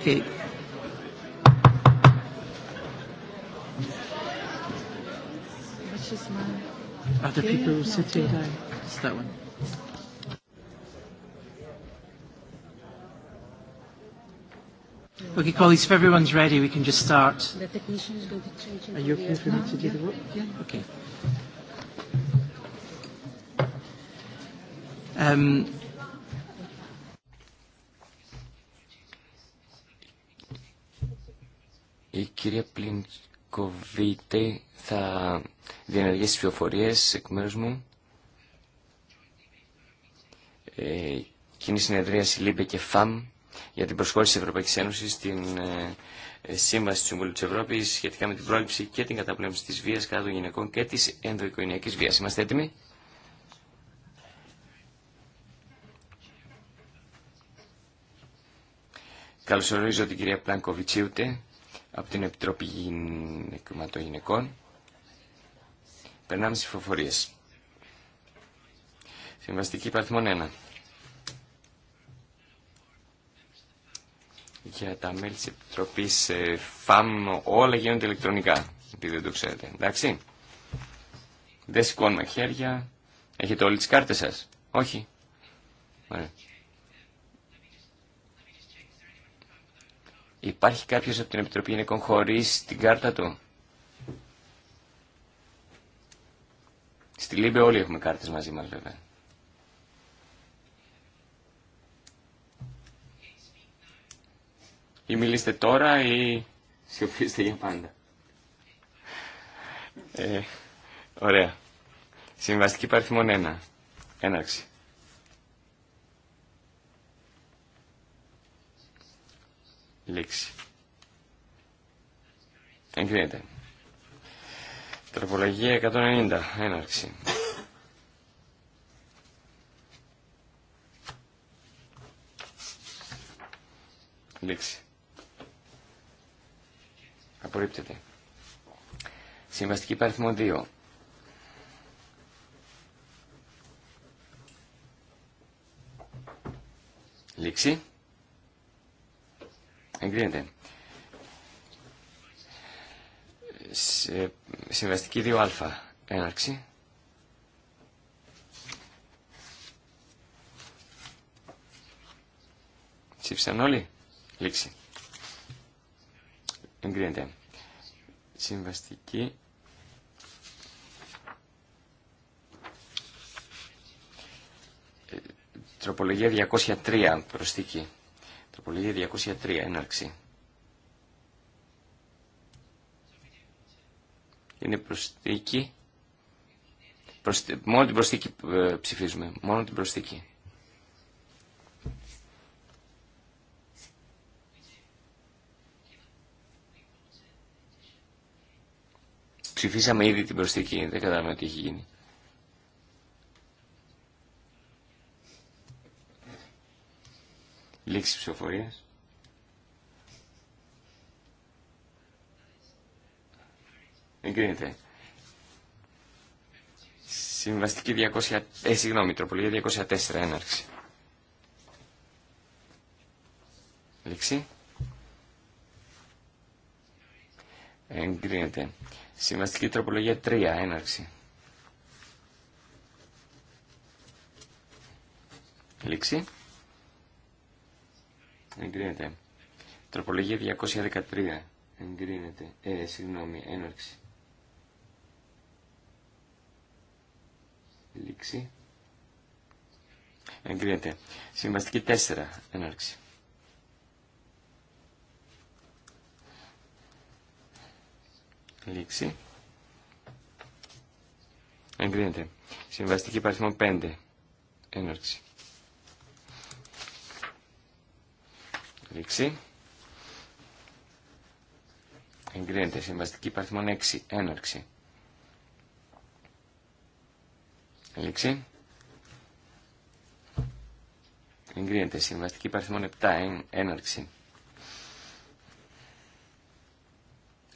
Okay. Other people sitting there. It's that one. Okay, colleagues, if everyone's ready, we can just start. The technician is going to change. Are you okay for me to do the work? Yeah. Okay. Um, κυρία Πλινκοβιτέ, θα διενεργήσει τις πληροφορίες εκ μέρους μου. Ε, κοινή συνεδρίαση ΛΥΜΠΕ και ΦΑΜ για την προσχώρηση της Ευρωπαϊκής Ένωσης στην ε, ε, Σύμβαση του Συμβουλίου της Ευρώπης σχετικά με την πρόληψη και την καταπλέμψη της βίας κατά των γυναικών και της ενδοοικογενειακής βίας. Είμαστε έτοιμοι. Καλωσορίζω την κυρία Πλάνκοβιτσίουτε από την Επιτροπή Γυναικοματογυναικών. Περνάμε στις ψηφοφορίες. Συμβαστική παρθμόν 1. Για τα μέλη της Επιτροπής ε, ΦΑΜ όλα γίνονται ηλεκτρονικά, επειδή δεν το ξέρετε. Εντάξει. Δεν σηκώνουμε χέρια. Έχετε όλοι τις κάρτες σας. Όχι. Ωραία. Υπάρχει κάποιος από την Επιτροπή Γυναικών χωρίς την κάρτα του. Στη Λίμπε όλοι έχουμε κάρτες μαζί μας βέβαια. Ή μιλήστε τώρα ή σιωπήστε για πάντα. Ε, ωραία. Συμβαστική παρθυμόν 1. Έναρξη. λήξη. Εγκρίνεται. Τροπολογία 190. Έναρξη. Λήξη. Απορρίπτεται. Συμβαστική παρθμό 2. Λήξη. Εγκρίνεται. Σε συμβαστική 2α. Έναρξη. Ψήφισαν όλοι. Λήξη. Εγκρίνεται. Συμβαστική. Τροπολογία 203. Προσθήκη. Πολύ 203. Έναρξη. Είναι προσθήκη. Μόνο την προσθήκη ε, ψηφίζουμε. Μόνο την προσθήκη. Ψηφίσαμε ήδη την προσθήκη. Δεν καταλαβαίνω τι έχει γίνει. Λήξη ψηφοφορίας. Εγκρίνεται. Συμβαστική 200... Ε, συγγνώμη, τροπολογία 204, έναρξη. Λήξη. Εγκρίνεται. Συμβαστική τροπολογία 3, έναρξη. Λήξη εγκρίνεται. Τροπολογία 213 εγκρίνεται. Ε, συγγνώμη, έναρξη. Λήξη. Εγκρίνεται. Συμβαστική 4 έναρξη. Λήξη. Εγκρίνεται. Συμβαστική παριθμό 5 έναρξη. λήξη. Εγκρίνεται συμβαστική παριθμόν 6. Έναρξη. Λήξη. Εγκρίνεται συμβαστική παριθμόν 7. Έναρξη.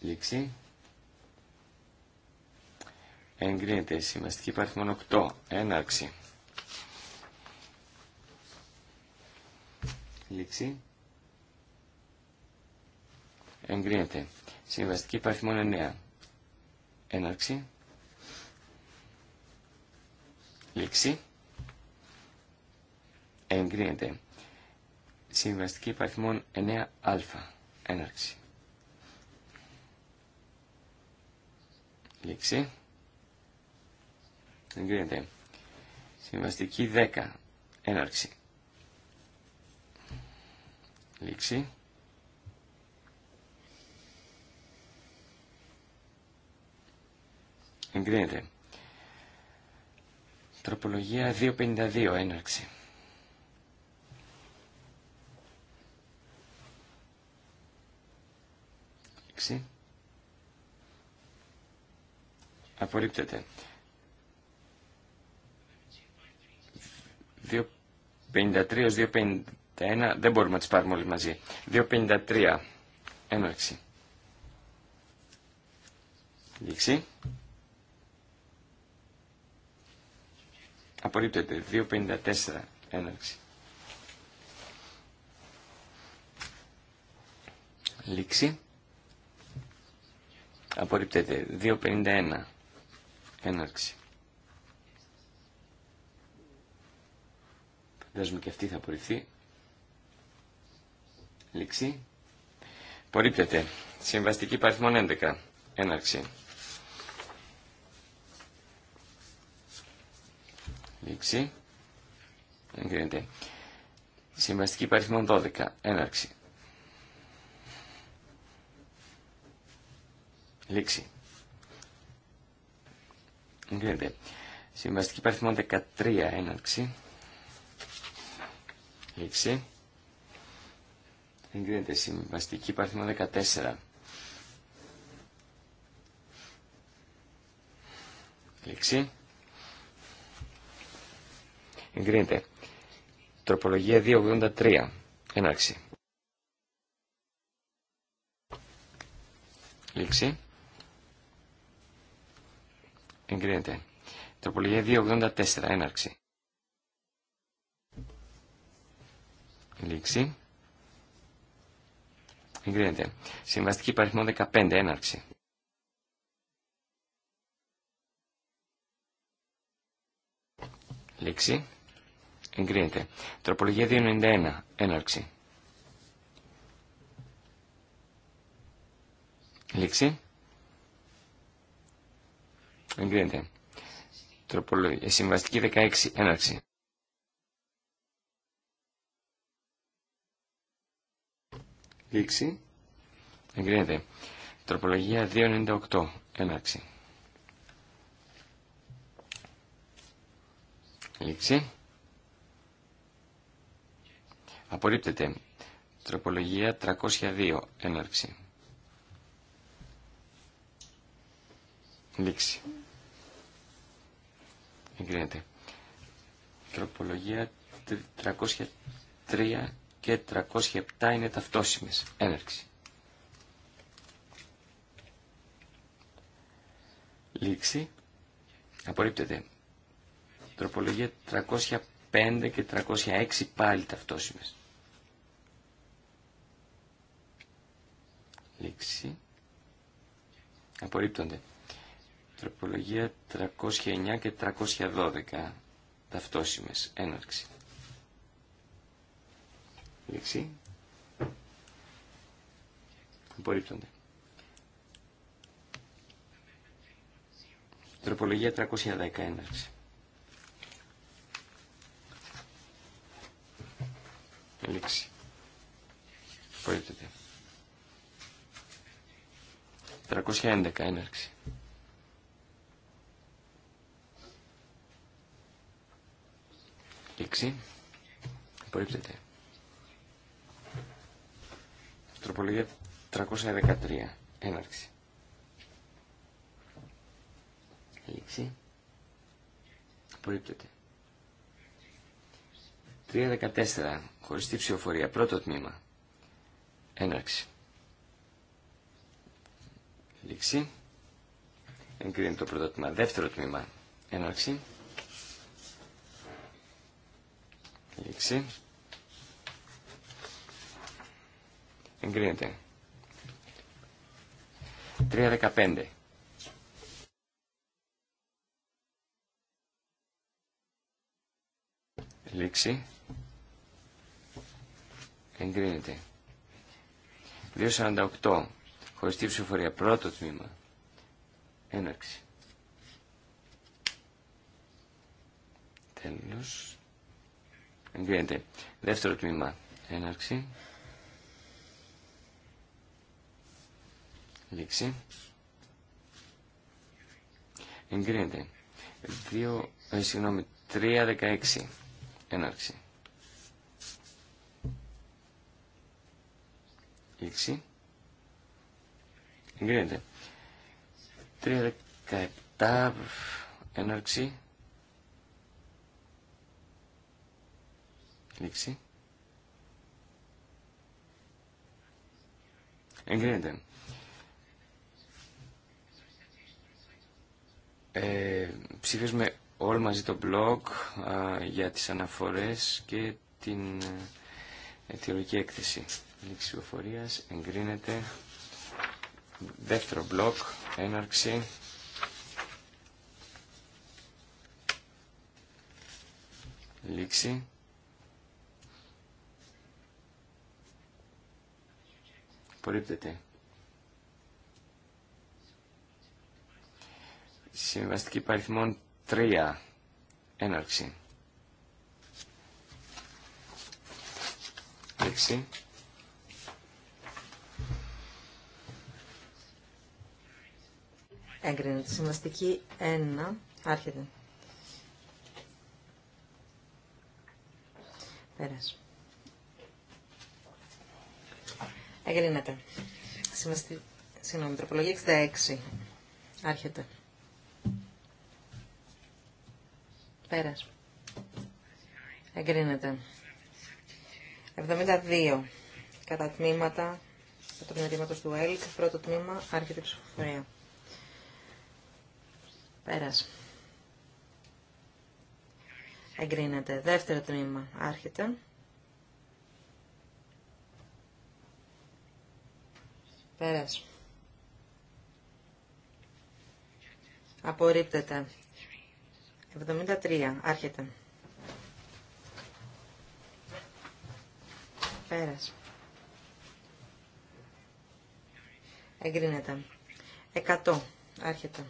Λήξη. Εγκρίνεται συμβαστική παριθμόν 8. Έναρξη. Λήξη εγκρίνεται. Συμβαστική παριθμόν 9. Έναρξη. Λήξη. Εγκρίνεται. Συμβαστική παριθμόν 9α. Έναρξη. Λήξη. Εγκρίνεται. Συμβαστική 10. Έναρξη. Λήξη. Εγκρίνεται. Τροπολογία 252. Έναρξη. Απορρίπτεται. 253-251 δεν μπορούμε να τις πάρουμε όλοι μαζί. 253 έναρξη. Λήξη. Απορρίπτεται. 2.54 έναρξη. Λήξη. Απορρίπτεται. 2.51 έναρξη. Φαντάζομαι και αυτή θα απορριφθεί. Λήξη. Απορρίπτεται. Συμβαστική παριθμόν 11. Έναρξη. έναρξη. Εγκρίνεται. Συμβαστική παριθμό 12. Έναρξη. Λήξη. Εγκρίνεται. Συμβαστική παριθμό 13. Έναρξη. Λήξη. Εγκρίνεται. Συμβαστική παριθμό 14. Λήξη. Εγκρίνεται. Τροπολογία 283. Έναρξη. Λήξη. Εγκρίνεται. Τροπολογία 284. Έναρξη. Λήξη. Εγκρίνεται. Συμβαστική παριθμό 15. Έναρξη. Λήξη εγκρίνεται. Τροπολογία 291, ε, έναρξη. Λήξη. Εγκρίνεται. Τροπολογία. Συμβαστική 16, έναρξη. Λήξη. Εγκρίνεται. Τροπολογία 298, έναρξη. Λήξη. Απορρίπτεται. Τροπολογία 302. Έναρξη. Λήξη. Εγκρίνεται. Τροπολογία 303 και 307 είναι ταυτόσιμες. Έναρξη. Λήξη. Απορρίπτεται. Τροπολογία 305 και 306 πάλι ταυτόσιμες. 26 απορρίπτονται. Τροπολογία 309 και 312 ταυτόσιμες έναρξη. Δεξί. Απορρίπτονται. Τροπολογία 310 έναρξη. Λήξη. Απορρίπτονται. 311 έναρξη. Λήξη. Απορρίπτεται. Τροπολογία 313 έναρξη. Λήξη. Απορρίπτεται. 314 χωριστή ψηφοφορία. Πρώτο τμήμα. Έναρξη. Λήξη. Εγκρίνεται το πρώτο τμήμα. Δεύτερο τμήμα. Έναρξη. Λήξη. Εγκρίνεται. 3.15. Λήξη. Εγκρίνεται. 2.48. Χωριστή ψηφοφορία. Πρώτο τμήμα. Έναρξη. Τέλος. Εγκρίνεται. Δεύτερο τμήμα. Έναρξη. Λήξη. Εγκρίνεται. Δύο, ε, συγγνώμη, 3.16. Έναρξη. Λήξη. Εγκρίνεται. 3.17 έναρξη. Λήξη. Εγκρίνεται. Ε, ψηφίζουμε όλοι μαζί το blog α, για τις αναφορές και την ε, αιτιολογική έκθεση. Λήξη ψηφοφορίας εγκρίνεται. Δεύτερο μπλοκ, έναρξη. Λήξη. Απορρίπτεται. Συμβαστική παριθμών 3. Έναρξη. Λήξη. Έγκρινεται. Συμβαστική 1. Άρχεται. Πέρας. Εγκρίνεται. Συμβαστη... Συγγνώμη, τροπολογία 66. Άρχεται. Πέρας. Εγκρίνεται. 72. Κατά τμήματα, το τμήμα του ΕΛΚ, πρώτο τμήμα, άρχεται η ψηφοφορία. Πέρας. Εγκρίνεται. Δεύτερο τμήμα. Άρχεται. Πέρας. Απορρίπτεται. 73. Άρχεται. Πέρας. Εγκρίνεται. 100. Άρχεται.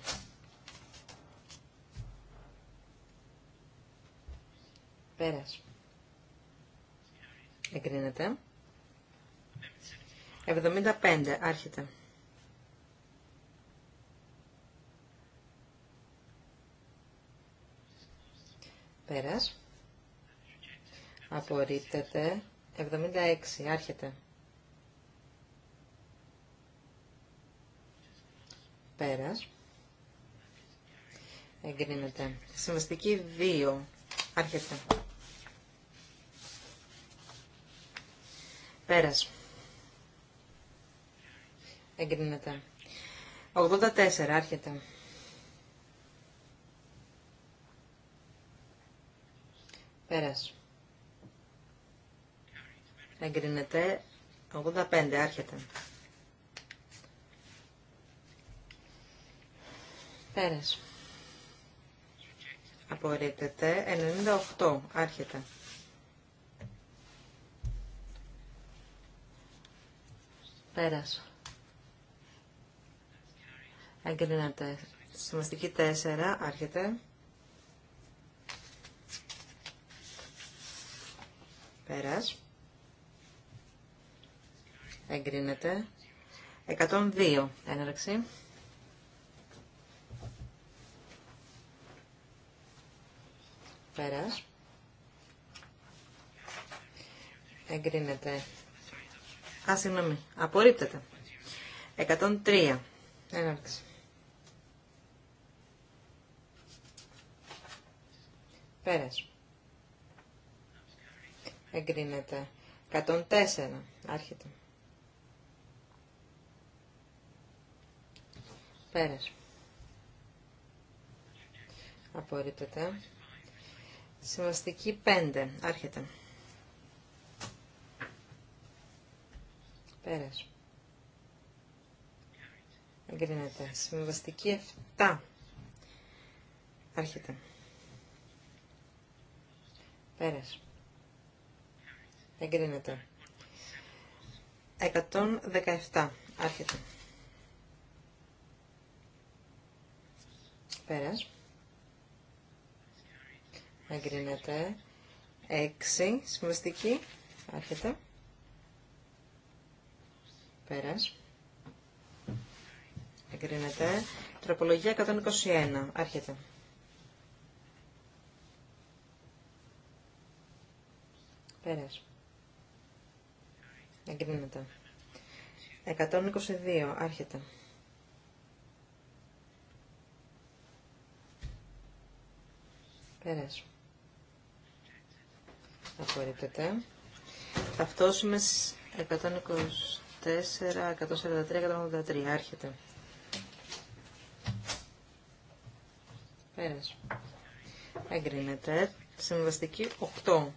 Πέρας. Εγκρίνεται. 75. Άρχεται. Πέρας. Απορρίπτεται. 76. Άρχεται. Πέρας. Εγκρίνεται. Συμβαστική 2. Άρχεται. Πέρας. Εγκρίνεται. 84. Άρχεται. Πέρας. Εγκρίνεται. 85. Άρχεται. Πέρας. Απορρίπτεται. 98. Άρχεται. Πέρας. Εγκρίνεται. Σημαντική τέσσερα. Άρχεται. Πέρας. Εγκρίνεται. δύο. Έναρξη. Πέρας. Εγκρίνεται. Α, συγγνώμη. Απορρίπτεται. 103. Έναρξη. Πέρας. Εγκρίνεται. 104. Άρχεται. Πέρας. Απορρίπτεται. Συμβαστική 5. Άρχεται. Πέρας. Εγκρίνεται. Συμβαστική 7. Άρχεται. Πέρας. Εγκρίνεται. 117. Άρχεται. Πέρας. Εγκρίνεται. 6. Συμβαστική. Άρχεται. Πέρας. Εγκρίνεται. Τροπολογία 121. Άρχεται. Πέρας. Εγκρίνεται. 122. Άρχεται. Πέρας. Απορρίπτεται. Ταυτόσιμες 120. 143, 183. Άρχεται. Πέρας. Εγκρίνεται. Συμβαστική 8.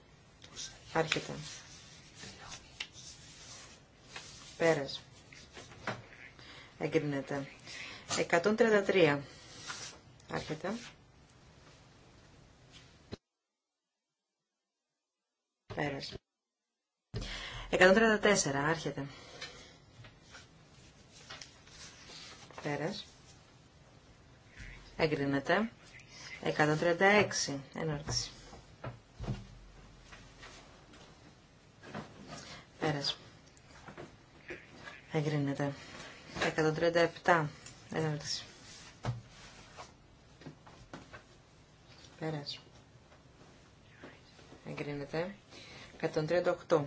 Άρχεται. Πέρας. Εγκρίνεται. 133. Άρχεται. Πέρας. 134. Άρχεται. Πέρας. Εγκρίνεται. 136. Έναρξη. Πέρας. Εγκρίνεται. 137. Έναρξη. Πέρας. Εγκρίνεται. 138.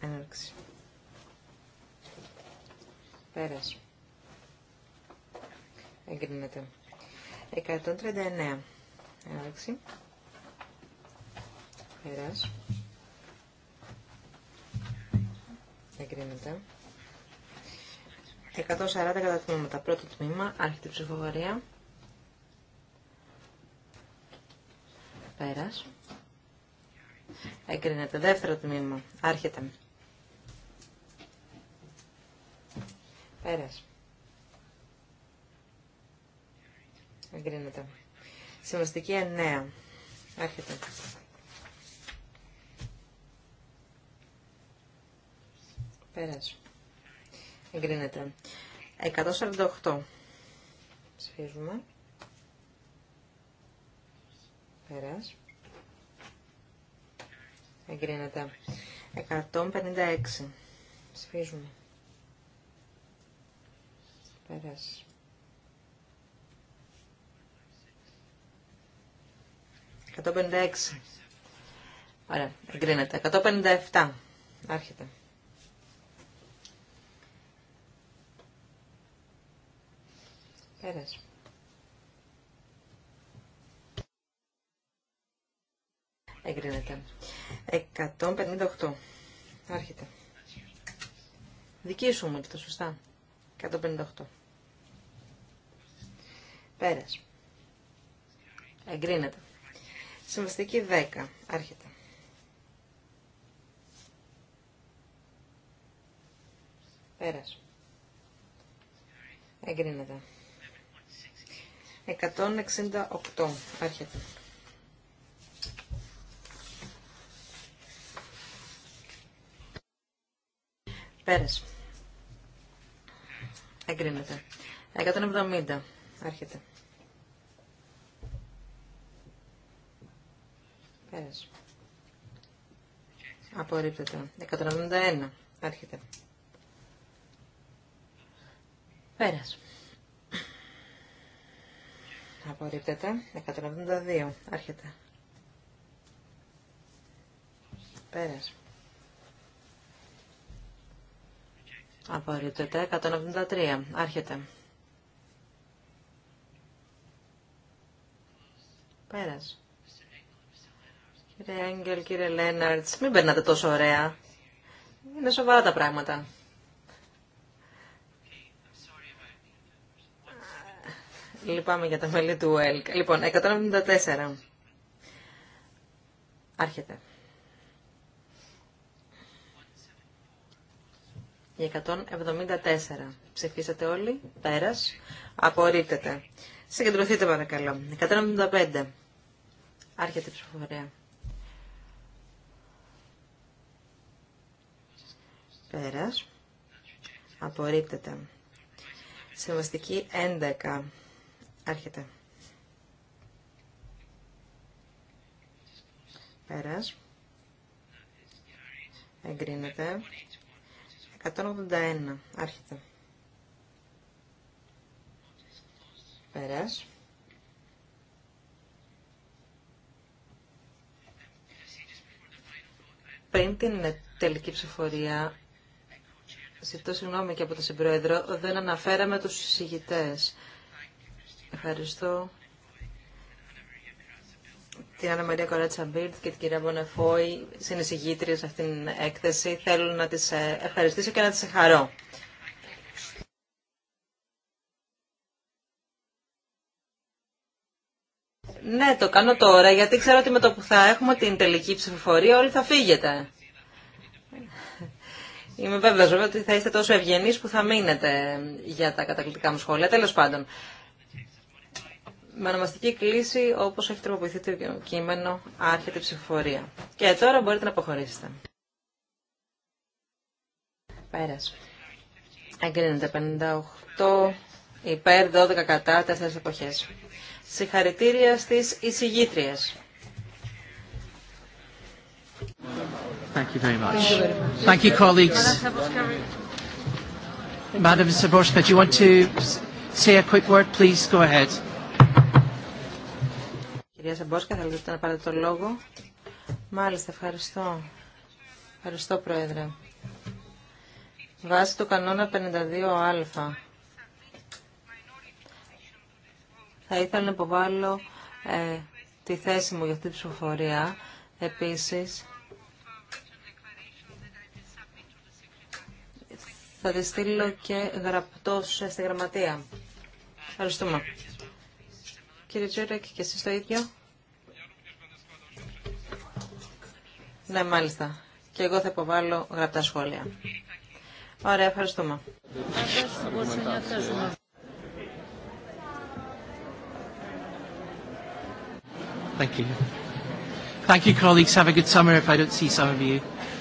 Έναρξη. Πέρας. Εγκρίνεται. 139. εντάξει. Πέρας. Εγκρίνεται. 140 κατά τμήματα. Πρώτο τμήμα, η ψηφοφορία. Πέρας. Εγκρίνεται. Δεύτερο τμήμα. Άρχεται. Πέρας. Εγκρίνεται. Σημαντική εννέα. Άρχεται. Πέρασε. Εγκρίνεται. 148. Ψηφίζουμε. Πέρας. Εγκρίνεται. 156. Ψηφίζουμε. Πέρασε. 156. Ωραία, εγκρίνεται. 157. Άρχεται. Πέρασε. Εγκρίνεται. 158. Άρχεται. Δική σου μου το σωστά. 158. Πέρας. Εγκρίνεται. Συμβαστική 10. Άρχεται. Πέρας. Εγκρίνεται. 168. Άρχεται. Πέρας. Εγκρίνεται. 170. Άρχεται. Απορρίπτεται. 191. Άρχεται. Πέρας. Απορρίπτεται. 192. Άρχεται. Πέρας. Απορρίπτεται. 173. Άρχεται. Πέρας. Κύριε Άγγελ, κύριε Λέναρτς, μην περνάτε τόσο ωραία. Είναι σοβαρά τα πράγματα. Λυπάμαι για τα μέλη του ΕΛΚ. Λοιπόν, 174. Άρχεται. 174. Ψηφίσατε όλοι. Πέρας. Απορρίπτεται. Συγκεντρωθείτε παρακαλώ. 175. Άρχεται η ψηφοφορία. Πέρας. Απορρίπτεται. Συμβαστική 11. Άρχεται. Πέρας. Εγκρίνεται. 181. Άρχεται. Πέρας. Πριν την τελική ψηφορία Ζητώ συγγνώμη και από τον Συμπρόεδρο, δεν αναφέραμε τους συζητητές. Ευχαριστώ την Άννα Μαρία Κορέτσα Μπίρτ και την κυρία Μπονεφόη, συνεισυγήτρια σε αυτήν την έκθεση. Θέλω να τις ε, ευχαριστήσω και να τις χαρώ. Ναι, το κάνω τώρα, γιατί ξέρω ότι με το που θα έχουμε την τελική ψηφοφορία όλοι θα φύγετε. Είμαι βέβαιος βέβαια ότι θα είστε τόσο ευγενείς που θα μείνετε για τα κατακλητικά μου σχόλια. Τέλος πάντων, με ονομαστική κλίση, όπως έχει τροποποιηθεί το κείμενο, άρχεται η ψηφοφορία. Και τώρα μπορείτε να αποχωρήσετε. Πέρας. Εγκρίνεται 58 υπέρ 12 κατά 4 εποχές. Συγχαρητήρια στις εισηγήτριες. Thank you very much. Thank you, colleagues. Madam Saborska, do you want to say a quick word, please? Go ahead. Κυρία Σαμπόσκα, θα θέλετε να πάρετε το λόγο. Μάλιστα, ευχαριστώ. Ευχαριστώ, Πρόεδρε. Βάσει του κανόνα 52α. Θα ήθελα να υποβάλω ε, τη θέση μου για αυτή την ψηφοφορία. Επίσης, Θα τη στείλω και γραπτός στη γραμματεία. Ευχαριστούμε. Κύριε Τζούρεκ, και εσείς το ίδιο. Ναι, μάλιστα. Και εγώ θα υποβάλω γραπτά σχόλια. Ωραία, ευχαριστούμε. Thank you. Thank you, colleagues. Have a good summer if I don't see some of you.